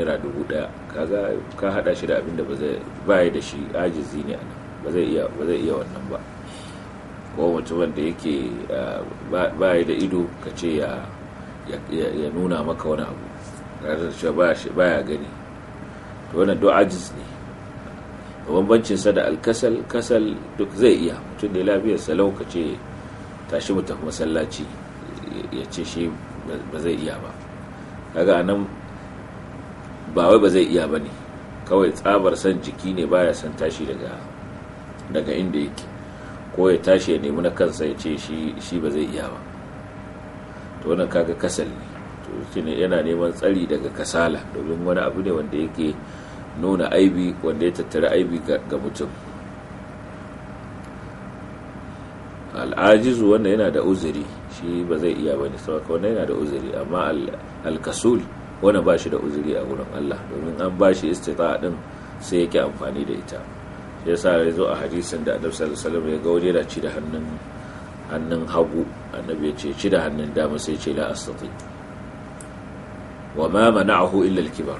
naira dubu ɗaya kaga ka haɗa shi da abin da ba zai da shi ajizi ne ba zai iya ba zai iya wannan ba ko mutumin da yake ah, ba da ido ka ce ya ya nuna maka wani abu kaga cewa ba ya gani to wannan duk ajiz ne bambancin sa da alkasal kasal duk zai iya mutum da lafiyarsa lau ka ce tashi mu tafi masallaci ya ce shi ba zai iya ba kaga anan ba wai ba zai iya ba ne kawai tsabar san jiki ne baya son tashi daga inda yake ko ya tashi ya nemi na kansa ya ce shi ba zai iya ba to wannan kaga kasal ne to ne yana neman tsari daga kasala domin wani abu ne wanda yake nuna aibi wanda ya tattara aibi ga mutum al'ajizu wanda yana da uzuri shi ba zai iya ba ne saboda wannan yana da uzuri amma al-kasul al wani ba shi da uzuri a wurin Allah domin an ba shi istita'a din sai yake amfani da ita ya sa ya zo a hadisin da adab sallallahu ya ga waje da ci da hannun hagu annabi ya ce ci da hannun dama sai ce la astati wa ma mana'ahu illa al-kibar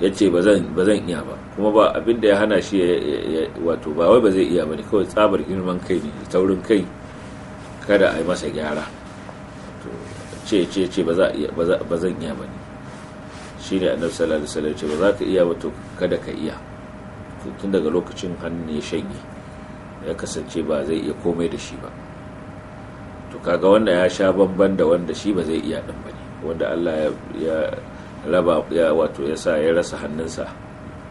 yace ba zan iya ba kuma ba abin ya hana shi wato ba wai ba zai iya ba ne kawai tsabar girman kai ne taurin kai kada a yi masa gyara ce ce ce ba zan iya ba ne shi ne annabi sallallahu alaihi wasallam ce ba za ka iya ba to kada ka iya tun daga lokacin hannu ya shanye ya kasance ba zai iya komai da shi ba to kaga wanda ya sha bamban da wanda shi ba zai iya din ba ne wanda Allah ya raba ya wato ya sa ya rasa hannunsa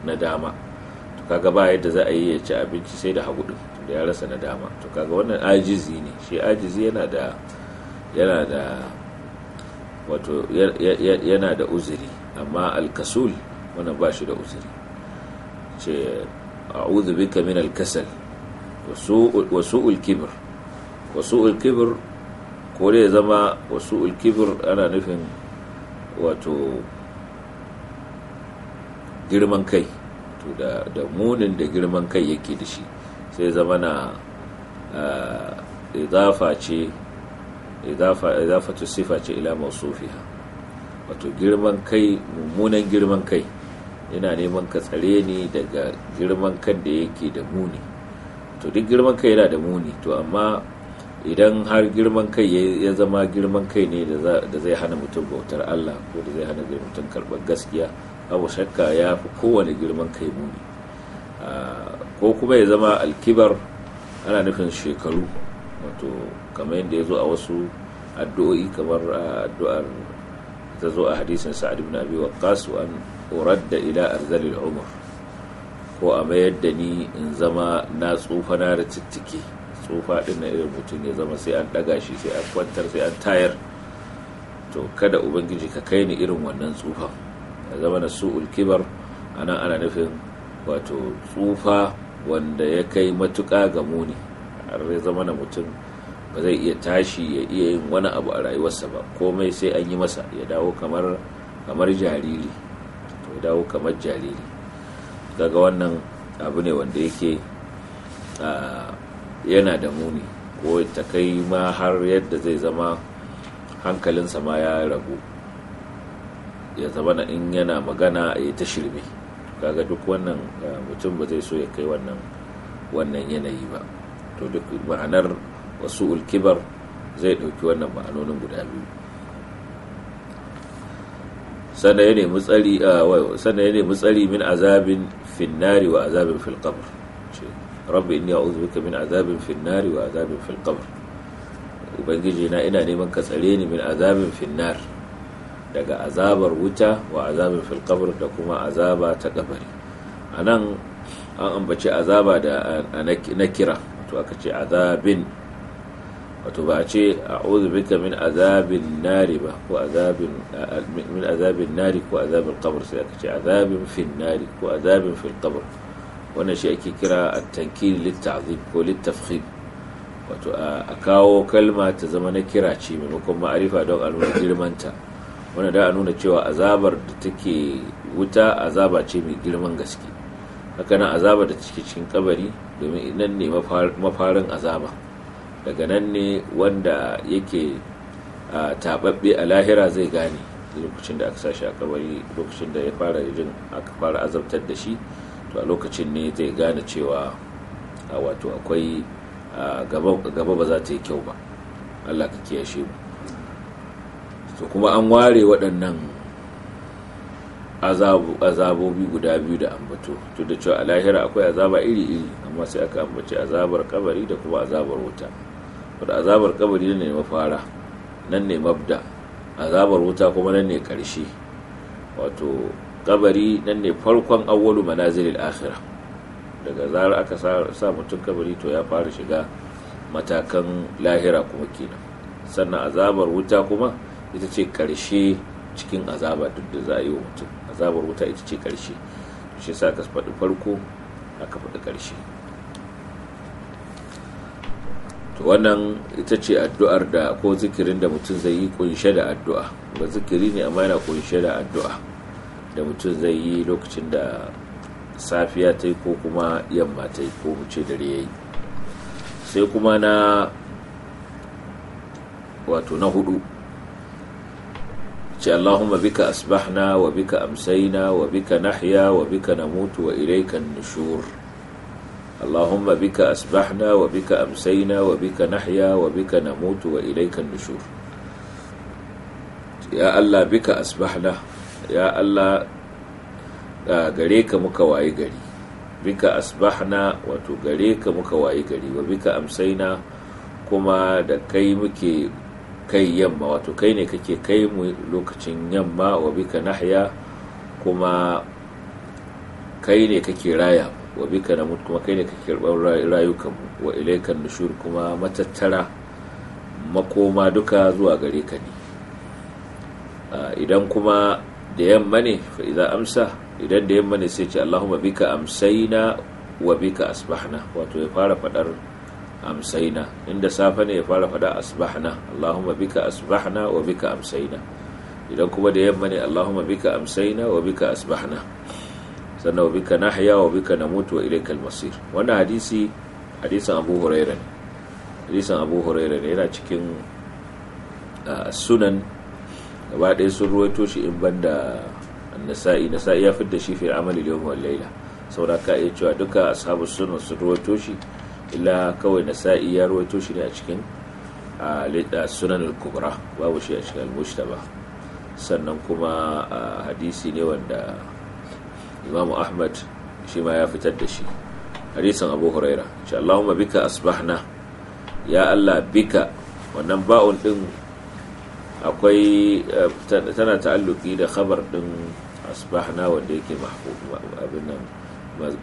na dama to kaga ba yadda za a yi ya ci abinci sai da hagu da ya rasa na dama to kaga wannan ajizi ne shi ajizi yana da yana da wato yana da uzuri amma alkasul wannan ba shi da uzuri ce a'udhu bika min alkasal wasu ulkibir wasu ulkibir ko dai ya zama wasu ulkibir ana nufin wato girman kai to da munin da girman kai yake da shi sai zama na eh, idafa ce idafatu sifa ce ila masufiya wato girman kai mummunan girman kai yana neman ka tsare ni daga girman kan da yake da muni to duk girman kai yana da muni to amma idan har girman kai ya zama girman kai ne da zai hana mutum bautar Allah ko da zai hana mutum karɓar gaskiya abu shakka ya fi kowane girman kai muni ah, ko kuma ya zama alkibar ana nufin shekaru wato kamar yadda ya zo a wasu addu'o'i kamar addu'ar ta zo a hadisin sa'ad ibn abi waqqas an uradda ila arzalil umr ko a mayar da ni in zama na tsufa na da cittike tsufa din na irin mutum ya zama sai an daga shi sai an kwantar sai an tayar to kada ubangiji ka kai ni irin wannan tsufa ya zama na su'ul kibar anan ana nufin wato tsufa wanda ya kai matuƙa ga muni har zai zama na mutum ba zai iya tashi ya iya yin wani abu a rayuwarsa ba komai sai an yi masa ya dawo kamar kamar jariri to ya dawo kamar jariri daga wannan abu ne wanda yake yana da muni ko ta kai ma har yadda zai zama hankalinsa ma ya ragu ya zama na in yana magana yi ta shirme kaga duk wannan mutum ba zai so ya kai wannan wannan yanayi ba to duk ma'anar wasu ulkibar zai ɗauki wannan ma'anonin guda biyu sannan ya nemi tsari sannan ya nemi tsari min azabin finnari wa azabin fil qabr rabbi inni a'udhu bika min azabin finnari wa azabin fil qabr ubangiji na ina neman ka tsare ni min azabin finnar daga azabar wuta wa azabin fil qabr da kuma azaba ta kabari anan an ambaci azaba da nakira wato aka ce azabin wato ba a ce a bika min azabin nari ba ko azabin min azabin nari ko azabin Kabar sai aka ce azabin fin nari ko azabin fil Kabar wannan shi ake kira a tankil lit ko lit wato a kawo kalma ta zama na kira ce maimakon ma'arifa don a nuna girmanta wanda da a nuna cewa azabar da take wuta azaba ce mai girman gaske haka nan azaba da ciki cikin kabari domin nan ne mafarin azaba daga nan ne wanda yake taɓaɓɓe a lahira zai gane lokacin da aka sashi a kabari lokacin da ya fara jin aka fara azabtar da shi to a lokacin ne zai gane cewa wato akwai gaba ba za ta yi kyau ba allah ka kiyashe mu to kuma an ware waɗannan azabobi guda biyu da ambato to da cewa a lahira akwai azaba iri-iri amma sai aka ambaci azabar kabari da kuma azabar wuta wadda azabar kabari ne mafara nan ne mabda azabar wuta kuma nan ne karshe wato kabari nan ne farkon awwalu manazilil akhira daga zarar aka sa mutum kabari to ya fara shiga matakan lahira kuma kenan sannan azabar wuta kuma ita ce karshe cikin azaba duk da za a yi wa mutum azabar wuta ita ce ƙarshe shi sa faɗi farko aka faɗi ƙarshe to wannan ita ce addu'ar da ko zikirin da mutum zai yi kunshe da addu'a ba zikiri ne amma yana kunshe da addu'a da mutum zai yi lokacin da safiya ta yi ko kuma yamma ta yi ko muce dare ya yi sai kuma na wato na hudu ce Allahumma bika asbahna wa bika amsaina wa bika nahya wa bika namutu wa ilayka nushur Allahumma bika asbahna wa bika amsaina wa bika nahya wa bika namutu wa ilayka nushur ya Allah bika asbahna ya Allah gare ka muka waye gari bika asbahna wato gare ka muka waye gari wa bika amsaina kuma da kai muke kai yamma wato kai ne kake kai mu lokacin yamma wa bika nahya kuma kai ne kake raya wa bika mutu kuma kai ne kake karɓar rayukan wa ilaikan nushur kuma matattara makoma duka zuwa gare ka ne idan kuma da yamma ne fa idan amsa idan da yamma ne sai ce Allahumma bika amsaina wa bika asbahna wato ya fara faɗar. amsaina inda safe ne ya fara faɗa asbahna Allahumma bika asbahna wa bika amsaina idan kuma da yamma ne Allahumma bika amsaina wa bika asbahna sannan wa bika nahya wa bika namutu wa ilayka almasir wannan hadisi hadisin Abu Hurairah ne hadisin Abu Hurairah ne yana cikin ah, sunan gaba ɗaya sun ruwaito shi in banda nasa'i nasa'i ya fidda shi fi amali yawm da laila saboda ka iya cewa duka ashabu sunan sun ruwaito shi illa kawai sa'i ya rawaito shi ne a cikin sunan al-kubra babu shi a cikin al-mushtaba sannan kuma hadisi ne wanda imamu ahmad shi ma ya fitar da shi hadisin abu huraira insha Allahumma bika asbahna ya Allah bika wannan ba'un din akwai tana ta'alluki da khabar din asbahna wanda yake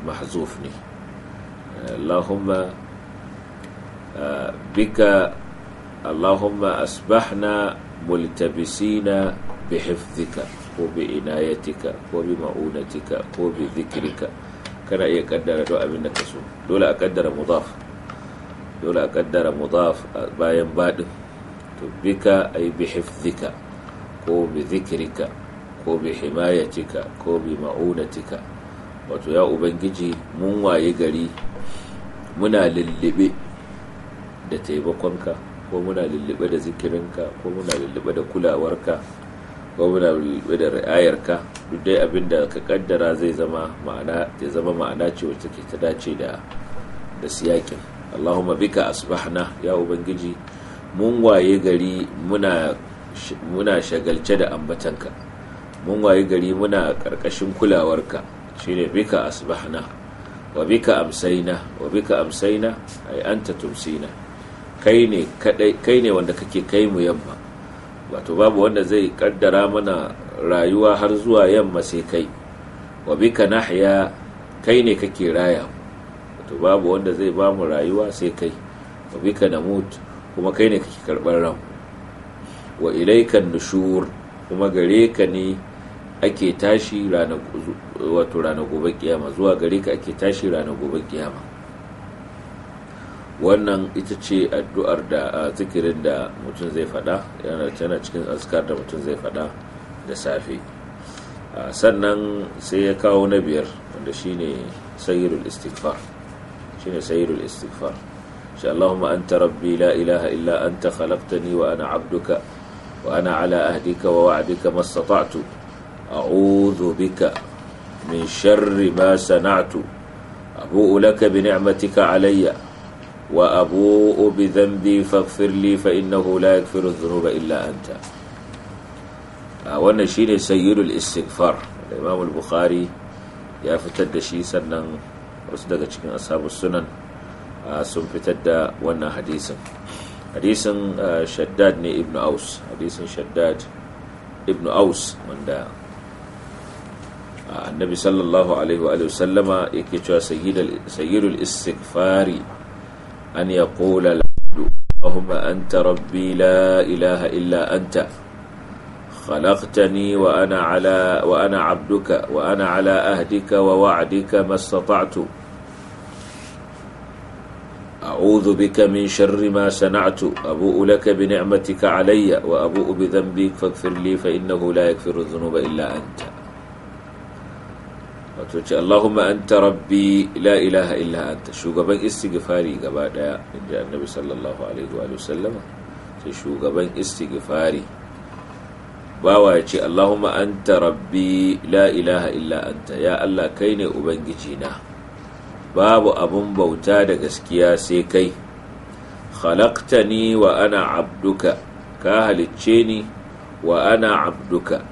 mahzuf ne اللهم بك اللهم أصبحنا ملتبسين بحفظك وبعنايتك وبمعونتك وبذكرك كان يقدر دعاء منك سوء دولة أقدر مضاف دولة أقدر مضاف باين بعد بك أي بحفظك وبذكرك وبحمايتك وبمعونتك wato ya ubangiji mun waye gari muna lullube da taimakonka ko muna lullube da zikirinka ko muna lullube da kulawarka ko muna lullube da ra'ayarka duk dai abin da ka kaddara zai zama ma'ana ya zama ma'ana ce wacce ke ta dace da da siyakin Allahumma bika asbahna ya ubangiji mun waye gari muna muna shagalce da ambatanka mun waye gari muna karkashin kulawarka shine bika asbahna wa bika amsaina wa bika amsaina anta tumsina kai ne kai ne wanda kake kai mu yamma wato babu wanda zai kaddara mana rayuwa har zuwa yamma sai kai wa bika nahya kai ne kake raya wato babu wanda zai ba mu rayuwa sai kai wa bika namut kuma kai ne kake karbar ran wa ilaika nushur kuma gare ka ne ake tashi wato rana gobe kiyama zuwa gare ka ake tashi rana gobe kiyama wannan ita ce addu'ar da zikirin da mutum zai faɗa yana tana cikin askar da mutum zai faɗa da safe sannan sai ya kawo na biyar wanda shine sayyidul istighfar shine sayyidul istighfar shi Allahumma anta rabbi la ilaha illa anta khalaqtani wa ana abduka wa ana ala ahdika wa wa'dika mastata'tu أعوذ بك من شر ما صنعت أبوء لك بنعمتك علي وأبوء بذنبي فاغفر لي فإنه لا يغفر الذنوب إلا أنت wannan shi ne sayyidul istighfar da imam bukhari ya fitar da shi sannan wasu daga cikin ashabu sunan sun fitar da wannan hadisin hadisin shaddad ne ibn aus hadisin shaddad ibn aus wanda الله عليه وآله وسلم sallama سيد, سيد سيد الاستغفار أن يقول اللهم أنت ربي لا إله إلا أنت خلقتني وأنا على وأنا عبدك وأنا على أهدك ووعدك ما استطعت أعوذ بك من شر ما صنعت أبوء لك بنعمتك علي وأبوء بذنبي فاغفر لي فإنه لا يغفر الذنوب إلا أنت wato ce Allahumma anta rabbi la ilaha illa anta shugaban istighfari gaba daya inda annabi sallallahu alaihi wa sallama sai shugaban istighfari bawa ya ce Allahumma anta rabbi la ilaha illa anta ya Allah kai ne ubangiji na babu abun bauta da gaskiya sai kai khalaqtani wa ana abduka ka halicce ni wa ana abduka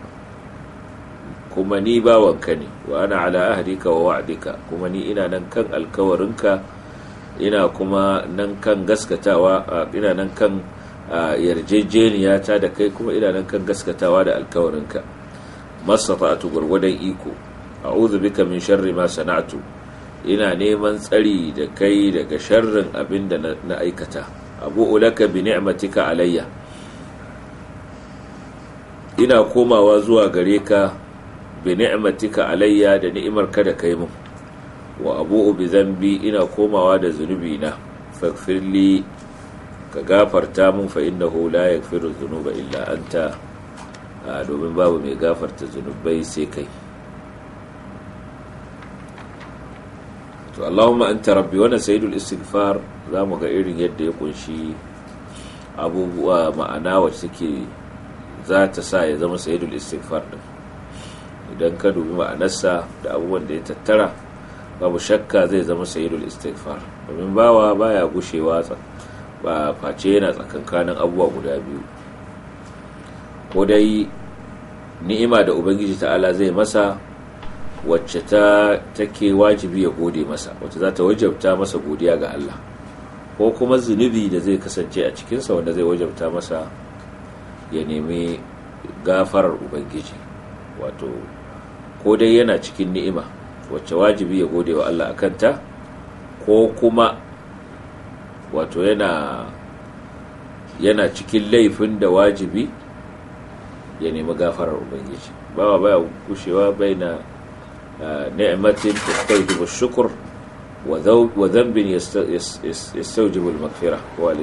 kuma ni bawanka ne wa ana ala ahdika wa wa'dika kuma ni ina nan kan alkawarinka ina kuma nan kan gaskatawa ina nan kan yarjejeniya ta da kai kuma ina nan kan gaskatawa da alkawarinka masata'atu gurgudan iko a'udhu bika min sharri ma sana'tu ina neman tsari da kai daga sharrin abin da na aikata abu ulaka bi ni'matika alayya ina komawa zuwa gare ka bi alayya da ni'imarka da kai mun wa abu'u bi ina komawa da zunubi na faghfirli ka gafarta mun fa innahu la yaghfiru dhunuba illa anta domin babu mai gafarta zunubai sai kai to Allahumma anta rabbi wannan saidul istighfar zamu ga irin yadda ya kunshi abubuwa ma'ana wacce take za ta sa ya zama saidul istighfar din idan ka dubi ma'anarsa da abubuwan da ya tattara babu shakka zai zama sayidul istighfar domin bawa baya gushewa ba face yana tsakankanin abubuwa guda biyu ko dai ni'ima da ubangiji ta'ala zai masa wacce ta take wajibi ya gode masa wacce za ta wajabta masa godiya ga Allah ko kuma zunubi da zai kasance a cikinsa wanda zai wajabta masa ya nemi gafarar ubangiji wato ko dai yana cikin ni'ima wacce wajibi ya gode wa Allah a kanta ko kuma wato yana yana cikin laifin da wajibi ya nemi gafarar ubangiji ba baya gushewa bai na ah, ni'matin tastawjibu shukur, wa zambin ya al-maghfira wa al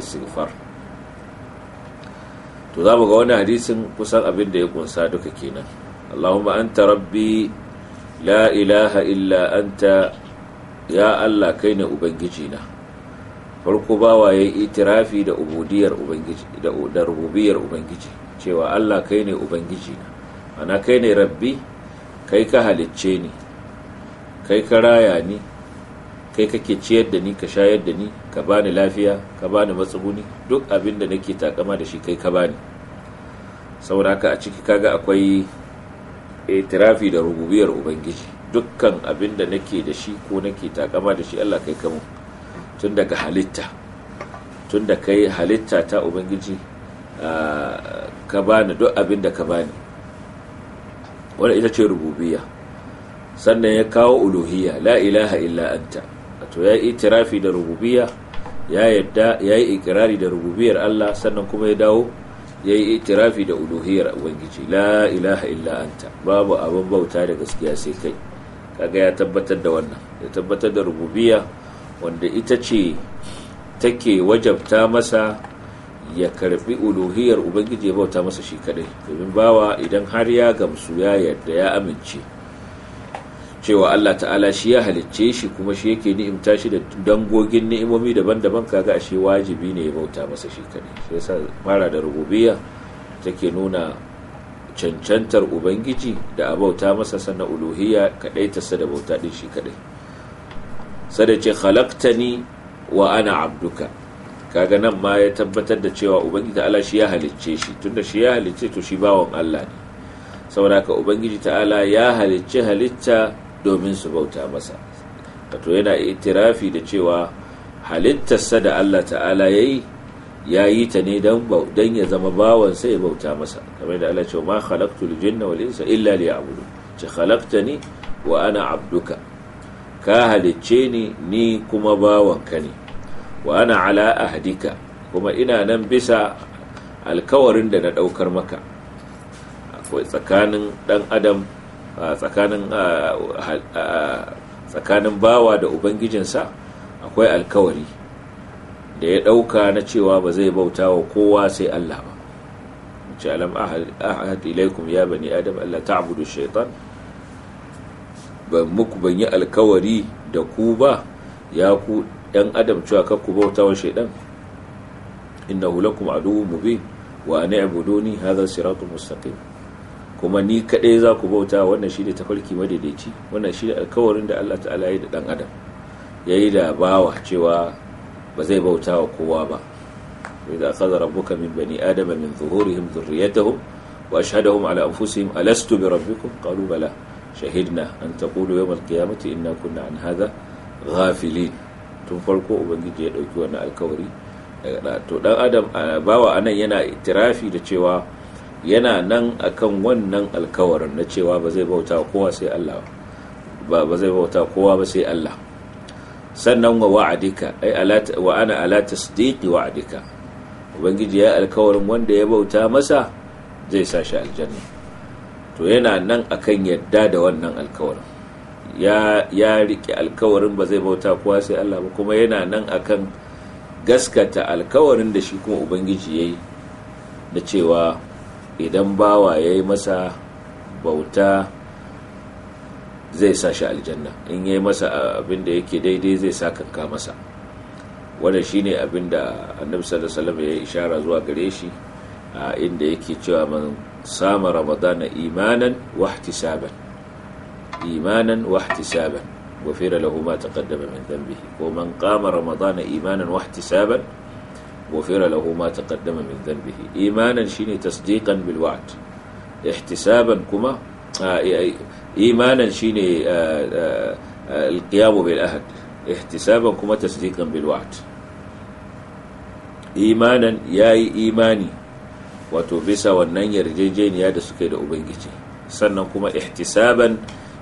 to za mu ga wani hadisin kusan abin da ya kunsa duka kenan Allahumma anta rabbi la ilaha illa anta ya Allah kai ne na" farko bawa ya yi itirafi da ubudiyar ubangiji rububiyar ubangiji cewa Allah kai ne ubangijina ana kai ne rabbi kai ka halicce ni kai ka raya ni kai kake ciyar da ni ka shayar da ni ka bani lafiya ka bani matsuguni duk abinda da nake takama da shi kai ka bani saboda haka a ciki ka ga akwai itirafi da rububiyar ubangiji dukkan abin da nake da shi ko nake takama da shi Allah kai kamo tun daga halitta tun da kai halitta ta ubangiji ka bani duk abin da ka bani wadda ita ce rububiya sannan ya kawo uluhiyya la ilaha illa anta to ya yi itirafi da rububiyya ya yadda ya yi ikirari da rububiyar Allah sannan kuma ya dawo ya yi itirafi da uluhiyar ubangiji la ilaha illa anta babu abin bauta da gaskiya sai kai kaga ya tabbatar da wannan ya tabbatar da rububiya wanda ita ce take wajabta masa ya karbi uluhiyar ubangiji ya bauta masa shi kadai domin bawa idan har ya gamsu ya yarda ya amince cewa Allah ta'ala shi ya halicce shi kuma shi yake ni'imta shi da dangogin ni'imomi daban-daban kaga ashe wajibi ne ya bauta masa shi kaɗai shi yasa mara da rububiyya take nuna cancantar ubangiji da a bauta masa sannan uluhiyya kadai ta sada bauta ɗin shi kaɗai sada ce wa ana abduka kaga nan ma ya tabbatar da cewa ubangiji ta'ala shi ya halicce shi tunda shi ya halicce to shi bawan Allah ne saboda ka ubangiji ta'ala ya halicci halitta domin su bauta masa kato yana itirafi da cewa halittarsa da Allah ta'ala ya yi ya yi ta ne don ya zama bawansa ya bauta masa kamar da Allah cewa ma halaktu jinna wal insa illa liya'budun ce ni wa ana abduka ka halicce ni ni kuma bawanka ne wa ana ala ahdika kuma ina nan bisa alkawarin da na daukar maka akwai tsakanin dan adam tsakanin bawa da ubangijinsa akwai alkawari da ya ɗauka na cewa ba zai bauta wa kowa sai Allah ba ce alam ahad ya bani adam Allah ta'budu shaitan ban muku ban yi alkawari da ku ba ya ku ɗan adam cewa ka ku bauta wa shaitan inda lakum mu bi wa an i'buduni hadha siratun mustaqim kuma ni kaɗai za ku bauta wannan shi ne tafarki madaidaici wannan shi ne alkawarin da allah ta'ala ya yi da ɗan adam ya yi da bawa cewa ba zai bauta wa kowa ba wanda aka zara buka min bani Adama min zuhurihim zurriyatahum wa ashhadahum ala anfusihim alastu bi rabbikum qalu bala shahidna an taqulu yawm alqiyamati inna kunna an hadha ghafilin tun farko ubangiji ya ɗauki wannan alkawari daga to dan adam bawa anan yana itirafi da cewa yana nan akan wannan alkawarin na cewa ba zai bauta kowa sai Allah ba ba zai bauta kowa ba sai Allah sannan wa wa'adika ai wa ana ala tasdiqi wa'adika ubangiji ya alkawarin wanda ya bauta masa zai sa shi aljanna to yana nan akan yadda da wannan alkawarin ya ya rike alkawarin ba zai bauta kowa sai Allah ba kuma yana nan akan gaskata alkawarin da shi kuma ubangiji yayi da cewa idan bawa ya yi masa bauta zai sa shi aljanna in ya yi masa abin da yake daidai zai sa kanka masa shi ne abin da annabi sallallahu alaihi ya yi ishara zuwa gare shi a inda yake cewa man sama ramadana imanan wa saban imanan wa ihtisaban ma له ما تقدم ko ذنبه ومن Ramadana رمضان إيمانا saban غفر له ما تقدم من ذنبه إيمانا شيني تصديقا بالوعد احتسابا كما إيمانا شيني القيام بالأهد احتسابا كما تصديقا بالوعد إيمانا ياي إيماني وتبسا ونن يرجيجين يا دسكي دا أبنجي sannan kuma ihtisaban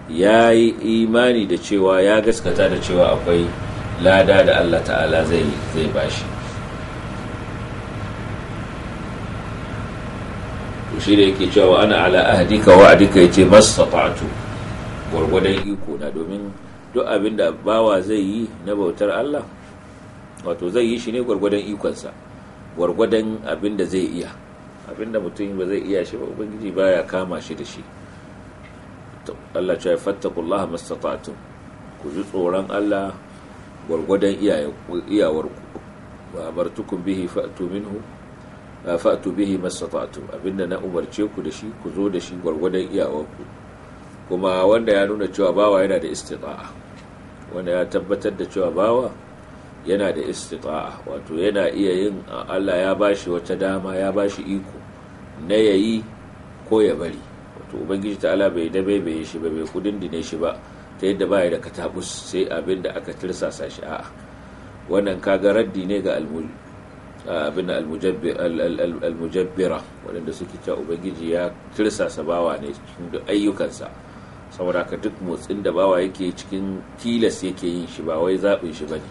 ya yi imani da cewa ya gaskata da cewa akwai lada da Allah ta'ala zai bashi shi da yake cewa ana ala ahdika wa adika yace masata'tu gurgudan iko na domin duk abin da bawa zai yi na bautar Allah wato zai yi shi ne ikon ikonsa gurgudan abin da zai iya abin da mutum ba zai iya shi ba ubangiji baya kama shi da shi Allah ya fattakullaha masata'tu ku ji tsoron Allah iyawar iyawarku wa amartukum bihi fa'tu minhu Ah, fa'atu bihi mastata'tum abinda na umarce ku da shi ku zo da shi gwargwadon iyawarku kuma wanda ya nuna cewa bawa yana da istita'a wanda ya tabbatar da cewa bawa yana da istita'a wato yana iya yin Allah ya bashi wata dama ya bashi iko na yayi ko ya bari wato ubangiji ta'ala bai dabe bai shi ba bai kudin dine shi ba ta yadda baya da katabus sai abinda aka tirsasa shi a'a wannan kaga raddi ne ga abin almujabbira waɗanda suke cewa ubangiji ya tirsasa bawa ne cikin ayyukansa saboda ka duk motsin da bawa yake cikin tilas yake yin shi ba wai zaɓin shi ba ne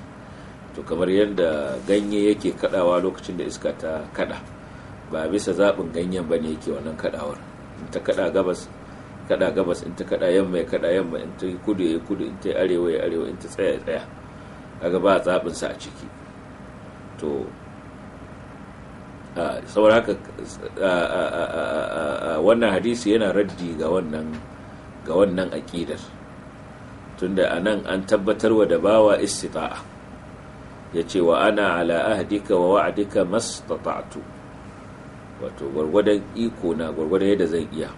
to kamar yadda ganye yake kaɗawa lokacin da iska ta kaɗa ba bisa zaɓin ganyen ba ne yake wannan kaɗawar in ta kaɗa gabas kaɗa gabas in ta kaɗa yamma ya kaɗa yamma in ta kudu ya kudu in ta arewa ya arewa in ta tsaya ya tsaya kaga ba zaɓinsa a ciki to saboda haka wannan hadisi yana raddi ga wannan ga wannan aƙidar tunda a nan an wa da bawa istita'a ya ce wa ana ala ahdika wa wa'adika mastata'tu wato gwargwadon iko na gwargwadon yadda zan iya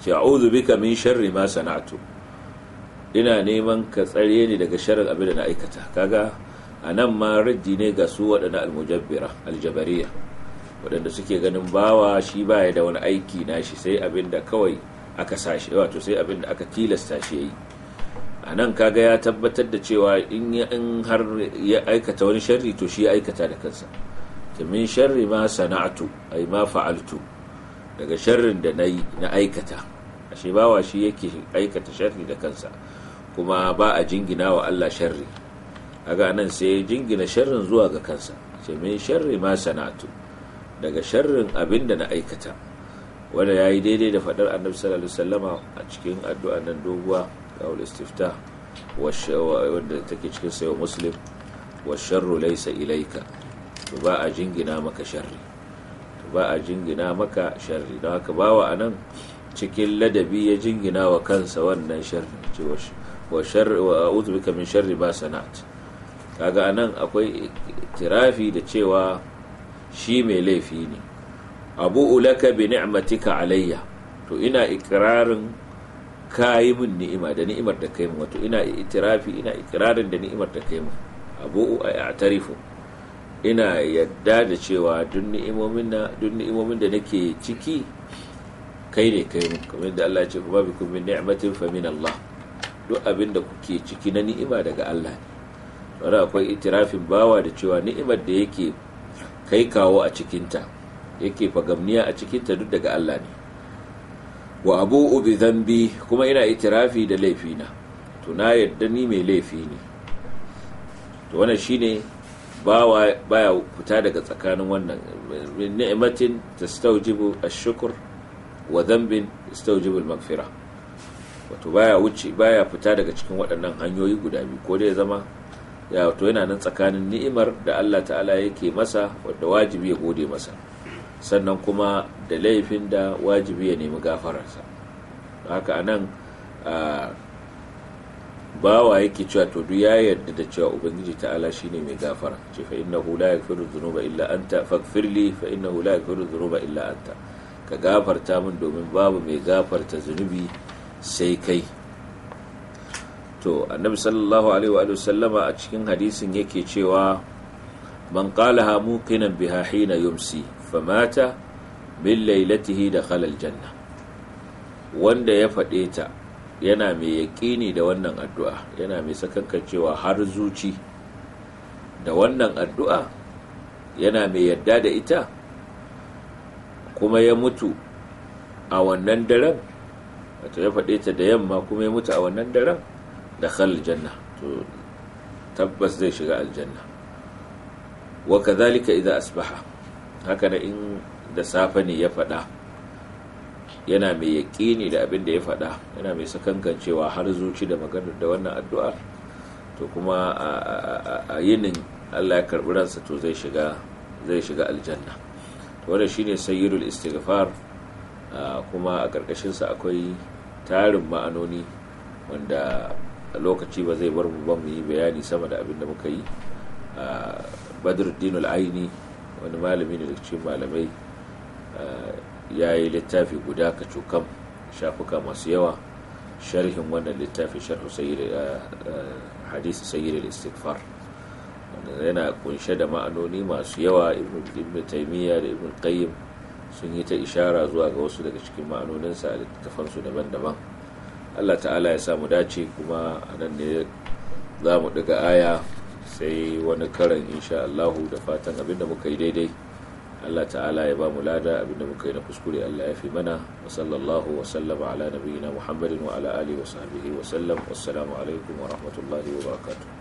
ce a'udhu bika min sharri ma sana'tu ina neman ka tsare ni daga sharrin abin da na aikata kaga a nan ma raddi ne ga su waɗanda almujabbira aljabariya waɗanda suke ganin bawa shi baya da wani aiki na shi sai abin da kawai aka sashi wato sai abin da aka tilasta shi yayi a nan kaga ya tabbatar da cewa in har ya aikata wani sharri to shi ya aikata da kansa ta min sharri ma sana'atu ai ma fa'altu daga sharrin da yi na aikata ashe bawa shi yake aikata sharri da kansa kuma ba a jingina wa Allah sharri kaga nan sai ya jingina sharrin zuwa ga kansa ce min sharri ma sanatu daga sharrin abin da na aikata wanda ya yi daidai da faɗar annabi sallallahu alaihi wasallama a cikin addu'a nan doguwa kawul istifta wanda take cikin sayo muslim wa sharru laysa ilaika to ba a jingina maka sharri to ba a jingina maka sharri don haka bawa anan cikin ladabi ya jingina wa kansa wannan sharri ce wa sharri wa a'udhu bika min sharri ba sana'atu kaga nan akwai tirafi da cewa shi mai laifi ne abu ulaka bi ni'matika alayya to ina ikirarin kayi min ni'ima da ni'imar da kai min wato ina itirafi ina ikirarin da ni'imar da kai min abu a ya'tarifu ina yadda da cewa duk ni'imomin na duk ni'imomin da nake ciki kai ne kai min kamar da Allah ya ce kuma bikum min ni'matin fa min Allah duk abin da kuke ciki na ni'ima daga Allah ne wani akwai itirafin bawa da cewa ni'imar da yake kai kawo a cikinta yake fagamniya a cikinta duk daga Allah ne wa abu bi zambi kuma ina itirafi da laifina to na yadda ni mai laifi ne to wannan shine bawa baya fita daga tsakanin wannan ni'matin tastawjibu ash-shukr wa dhanbin tastawjibu al-maghfirah wato baya wuce baya fita daga cikin waɗannan hanyoyi guda biyu ko dai zama ya wato yana nan tsakanin ni'imar da Allah ta'ala yake masa wadda wajibi ya gode masa sannan kuma da laifin da wajibi ya nemi gafararsa haka anan bawa yake cewa to duk ya yarda da cewa ubangiji ta'ala shine mai gafara ce fa hu la yaghfiru dhunuba illa anta faghfirli fa hu la yaghfiru dhunuba illa anta ka gafarta min domin babu mai gafarta zunubi sai kai to annabi sallallahu alaihi wa sallama a cikin hadisin yake cewa man qalaha muqinan biha hina yumsi famata min lailatihi da khalal janna wanda ya faɗe ta yana mai yaƙini da wannan addu'a yana mai sakankan cewa har zuci da wannan addu'a yana mai yadda da ita kuma ya mutu a wannan daren wato ya faɗe ta da yamma kuma ya mutu a wannan daren da janna to tabbas zai shiga aljanna wa kadhalika idza asbaha haka da in da safe ne ya faɗa yana mai yaƙini da abin da ya faɗa yana mai sakankancewa har zuci da maganar da wannan addu'ar to kuma a yinin Allah ya karɓi ransa to zai shiga zai shiga aljanna to wanda shine sayyidul istighfar kuma a ƙarƙashinsa akwai tarin ma'anoni wanda lokaci ba zai bar mu ba mu yi bayani sama da abin da muka yi badruddin aini wani malami ne daga cikin malamai ya yi littafi guda ka cokam shafuka masu yawa sharhin wannan littafi sharhu hadisi sayyid al-istighfar yana kunshe da ma'anoni masu yawa ibnu taymiya da ibnu qayyim sun yi ta ishara zuwa ga wasu daga cikin ma'anoninsa a littafansu daban-daban Allah ta'ala ya samu dace kuma a nan ne za mu ɗiga aya sai wani karan insha Allahu da fatan abinda muka yi daidai Allah ta'ala ya ba mu lada abinda muka yi na kuskure Allah ya fi mana wa sallallahu wa sallama ala nabiyina Muhammadin wa ala alihi wa sahbihi wa sallam wassalamu alaikum wa rahmatullahi wa barakatuh